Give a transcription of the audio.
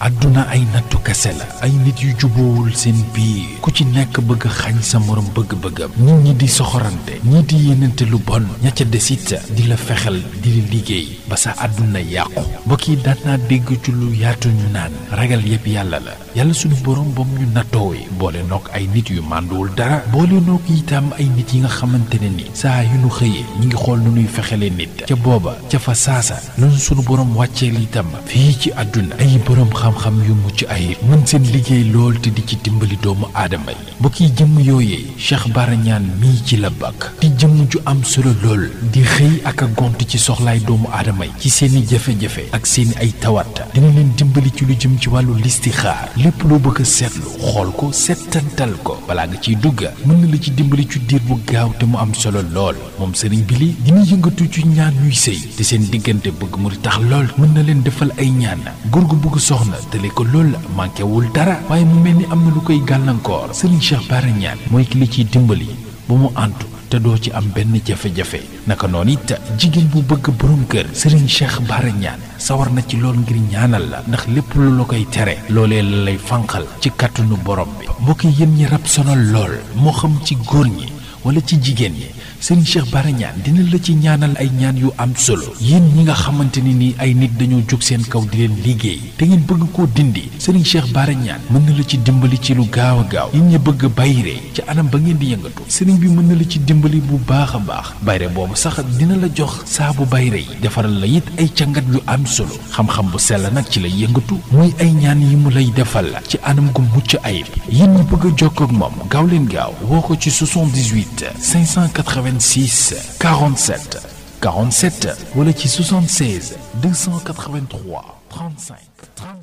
àdduna ay nattu kese la ay nit yu jubóowul seen biir ku ci nekk bëgg xañ sa morom bëgg-bëggam nit ñi di soxorante ñii di yéenante lu bon ña ca desit di la fexel di liggéey ba sa àdduna yàqu mbokk yi daan naa dégg ci lu yaatu ñu naan ragal yëpp yàlla la yàlla suñu borom bam ñu nattoowee boole noog ay nit yu mànduwul dara boole noog itam ay nit yi nga xamante ne ni saa yu nu xëyee ñi ngi xool nu nuy fexele nit ca booba ca fa saasa lun suñu borom wàcceel xam-xam yu mucc ayib mën seen liggéey lool te di ci dimbali doomu aadama yi ba yi jëmm yooyee cheikh bara mii ci la bakk di jëmm ju am solo lool di xëy ak a gont ci soxlaay doomu aadama yi ci i jafe-jafe ak seen ay tawatta dina leen dimbali ci lu jëm ci wàllu listixaar lépp loo bëgg a seetlu xool ko settantal ko balaa nga ciy dugga mën na la ci dimbali ci diir bu gaaw te mu am solo lool moom sëriñ bi li dina yëngatu ci ñaan yuy sëy te seen diggante bëgg mu di tax lool mën na leen defal ay ñaan góor bëgg soxna tële ko lool manqué wul dara waaye mu mel ni am na lu koy gàllankoor Serigne Cheikh Bara Niane mooy ki li ciy dimbali ba mu àntu te doo ci am benn jafe-jafe naka noonu it jigéen bu bëgg borom kër Serigne Cheikh Bara Niane sawar na ci lool ngir ñaanal la ndax lépp lu la koy tere loolee la lay fànqal ci kàttanu borom bi mbokk yéen ñi rab sonal lool moo xam ci góor ñi wala ci jigéen ñi Serigne Cheikh Bara Niane dina la ci ñaanal ay ñaan yu am solo yéen ñi nga xamante ni nii ay nit dañoo jóg seen kaw di leen liggéey te ngeen bëgg koo dindi Serigne Cheikh Bara Niane mën na la ci dimbali ci lu gaaw a gaaw yéen ñi bëgg bayre ci anam ba ngeen di yëngatu Serigne bi mën na la ci dimbali bu baax a baax bayre boobu sax dina la jox saabu bayre yi defaral la it ay càngat yu am solo xam-xam bu sell nag ci la yëngatu muy ay ñaan yi mu lay defal la ci anam gu mucc ayib yéen ñi bëgg a jokkoo 86 47 47 wala ci 76 283 35 35